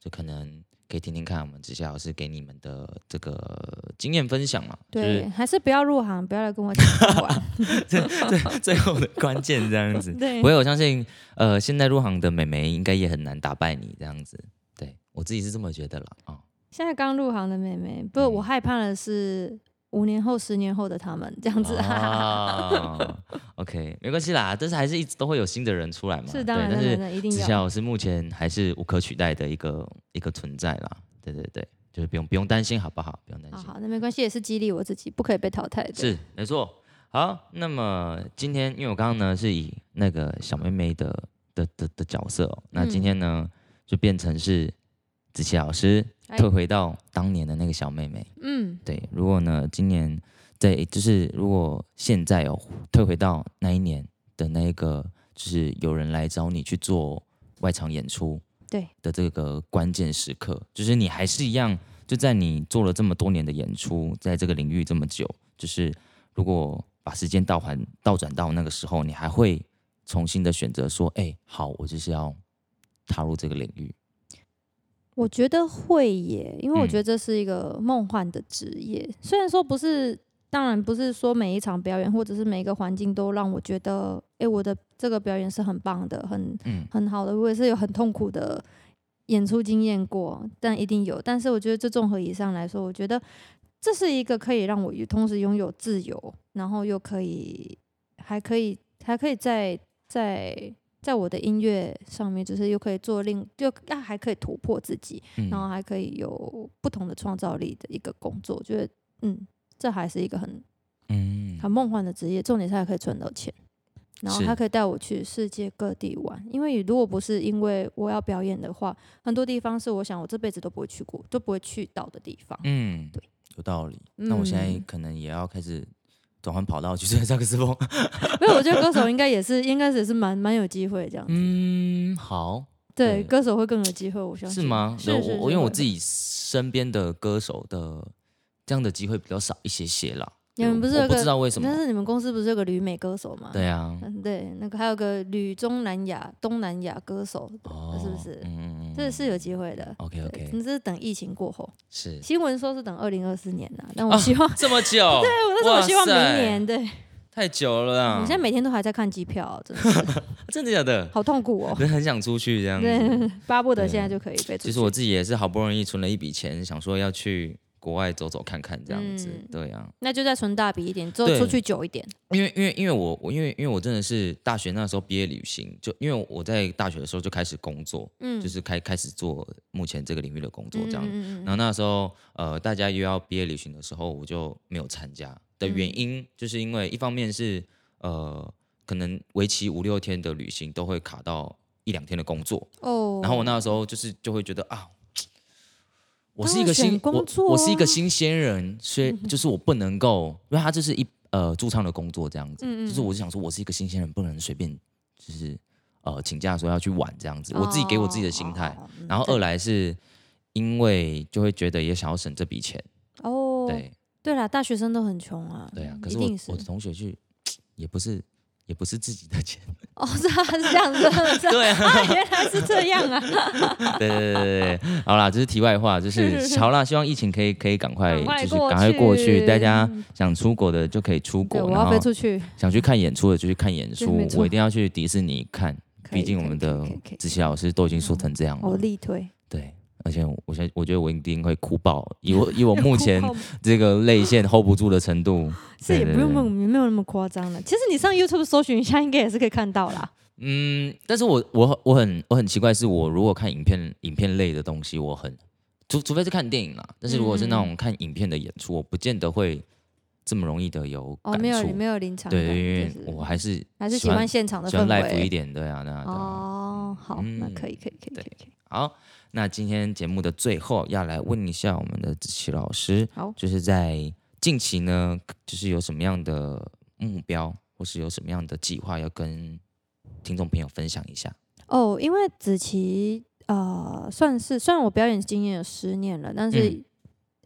Speaker 1: 就可能可以聽聽看我們子琪老師給你們的這個經驗分享嘛。對、就是，
Speaker 2: 還是不要入行，不要來跟我講話。
Speaker 1: 這 最 最後的關鍵這樣子，對，我也我相信，呃，現在入行的美眉應該也很難打敗你這樣子。對我自己是這麼覺得了啊。嗯
Speaker 2: 現在剛入行的妹妹，不過，我害怕的是五年後、十年後的他們這樣子哈哈
Speaker 1: OK，沒關係啦，但是還是一直都會有新的人出來嘛。是的，但是至少是目前還是無可取代的一個一個存在啦。對對對，就是不用不用擔心好不好？不用擔
Speaker 2: 心。好，好，那沒關係，也是激勵我自己，不可以被淘汰的。是，
Speaker 1: 沒錯。好，那麼今天因為我剛剛呢是以那個小妹妹的的的的角色、喔，那今天呢、嗯、就變成是。子琪老師退回到當年的那個小妹妹，嗯，對。如果呢，今年在就是，如果現在哦，退回到那一年的那個，就是有人來找你去做外場演出，對的這個關鍵時刻，就是你還是一樣，就在你做了這麼多年的演出，在這個領域這麼久，就是如果把時間倒還倒轉到那個時候，你還會重新的選擇說，哎、欸，好，我就是要踏入這個領域。
Speaker 2: 我覺得會耶，因為我覺得這是一個夢幻的職業。嗯、雖然說不是，當然不是說每一場表演或者是每一個環境都讓我覺得，誒，我的這個表演是很棒的，很、嗯、很好的。我也是有很痛苦的演出經驗過，但一定有。但是我覺得這綜合以上來說，我覺得這是一個可以讓我同時擁有自由，然後又可以還可以還可以在在。再在我的音樂上面，就是又可以做另，就那還可以突破自己、嗯，然後還可以有不同的創造力的一個工作，就是嗯，這還是一個很嗯很夢幻的職業，重點是還可以存到錢，然後還可以帶我去世界各地玩。因為如果不是因為我要表演的話，很多地方是我想我這輩子都不會去過，都不會去到的地方。
Speaker 1: 嗯，對，有道理。那我現在可能也要開始。轉換跑道去追張學友？ 沒有，我覺得歌手
Speaker 2: 應該也， 也是，應該也是蠻蠻有機會這樣的，
Speaker 1: 嗯，好
Speaker 2: 對，對，歌手會更有機會，我相信。是嗎？我我因為我自
Speaker 1: 己身邊的歌手的這樣的機會比較少一些些啦。你們不是有個我不知道為什麼，但
Speaker 2: 是你們公司不是有個旅美歌手嗎？對呀、啊，嗯，對，那個還有個旅中南亞、東南亞歌手對、哦，是不是？嗯，這是有機會的。OK OK，你這是等疫情過後。是新聞說是等二零二四年呢，但我希望、啊、這麼久， 對，但是我希望明年對。
Speaker 1: 太久了啦，你、嗯、現
Speaker 2: 在每天都還在看機票、喔，真
Speaker 1: 的 真的假的？好痛苦哦、喔，人很想出去這樣子，對，
Speaker 2: 巴不得現在就可以飛。其實我
Speaker 1: 自己也是好不容易存了一筆錢，想說要去。國外走走看看這樣子，嗯、對啊，
Speaker 2: 那就再存大筆一點，之後出去久一點。
Speaker 1: 因為因為因為我我因為因為我真的是大學那時候畢業旅行，就因為我在大學的時候就開始工作，嗯，就是開開始做目前這個領域的工作這樣。嗯嗯嗯，然後那時候呃大家又要畢業旅行的時候，我就沒有參加的原因、嗯，就是因為一方面是呃可能為期五六天的旅行都會卡到一兩天的工作哦，然後我那時候就是就會覺得啊。
Speaker 2: 我是一個新、啊、我我是一個
Speaker 1: 新鮮人，所以就是我不能夠，因為他這是一呃駐唱的工作這樣子，嗯嗯，就是我就想說我是一個新鮮人，不能隨便就是呃請假說要去玩這樣子，我自己給我自己的心態、哦。然後二來是因為就會覺得也想要省這筆錢
Speaker 2: 哦，對對啦，大學生都很窮啊，對啊，可是我，一定是我的
Speaker 1: 同學去也不是。也不是自己的錢哦，是啊，
Speaker 2: 是這樣子，是，啊，是啊，對啊，啊，原來是這樣啊，
Speaker 1: 對 對對對對，好啦，這、就是題外話，就是好啦，希望疫情可以可以趕快，趕快、就是、趕快過去，大家想出國的就可以出國，然後我要飛出去，想去看演出的就去看演出，我一定要去迪士尼看，畢竟我們的子琪老師都已經說成這樣了，
Speaker 2: 我力推，對。
Speaker 1: 而且我先，我覺得我一定會哭爆，以我以我目前這個淚腺 hold 不住的程度，這 也不用
Speaker 2: 那麼沒有那麼誇張了。其實你上 YouTube 搜尋一下，應該也是可以看到啦。
Speaker 1: 嗯，但是我我我很我很奇怪，是我如果看影片影片類的東西，我很除除非是看電影啦，但是如果是那種看影片的演出，我不見得會這麼容易的有感觸，哦，沒有沒有臨場感。對，對，對，因為我還是還是喜歡現場的氛圍，欸、live 一點。對啊，那的
Speaker 2: 哦好、嗯，那可以可以可以可
Speaker 1: 以好。那今天節目的最後，要來問一下我們的子琪老師好，就是在近期呢，就是有什麼樣的目標，或是有什麼樣的計劃要跟聽眾朋友分享一下？
Speaker 2: 哦，oh，因為子琪呃，算是雖然我表演經驗有十年了，但是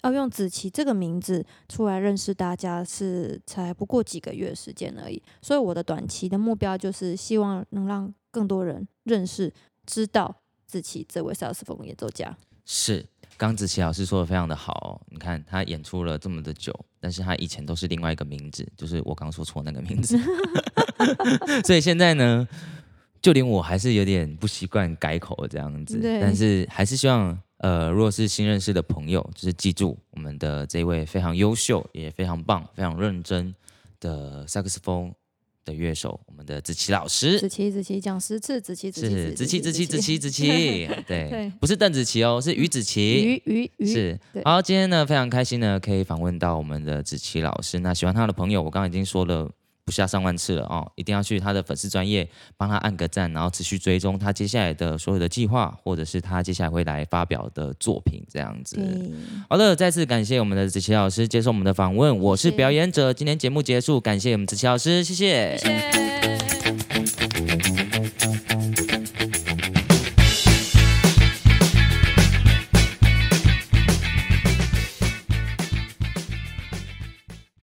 Speaker 2: 要用子琪這個名字出來認識大家是才不過幾個月時間而已，所以我的短期的目標就是希望能讓更多人認識、知道。子琪，這位薩克斯風演奏家
Speaker 1: 是剛，子琪老師說的非常的好哦。你看他演出了這麼的久，但是他以前都是另外一個名字，就是我剛說錯的那個名字。 所以現在呢，就連我還是有點不習慣改口這樣子。但是還是希望，呃，如果是新認識的朋友，就是記住我們的這位非常優秀，也非常棒，非常認真的薩克斯風的樂手，我們的子琪老師，子琪子琪講十
Speaker 2: 次，子琪子琪是子琪子琪子琪子琪，對，
Speaker 1: 不是鄧紫棋哦，是余子琪，余余余，是，好，今天呢非常開心呢，可以訪問到我們的子琪老師，那喜歡他的朋友，我剛剛已經說了。不下上萬次了哦，一定要去他的粉絲專頁幫他按個讚，然後持續追蹤他接下來的所有的計劃，或者是他接下來會來發表的作品，這樣子。嗯、好的，再次感謝我們的子琪老師接受我們的訪問，我是表演者，今天節目結束，感謝我們子琪老師，謝謝，謝謝。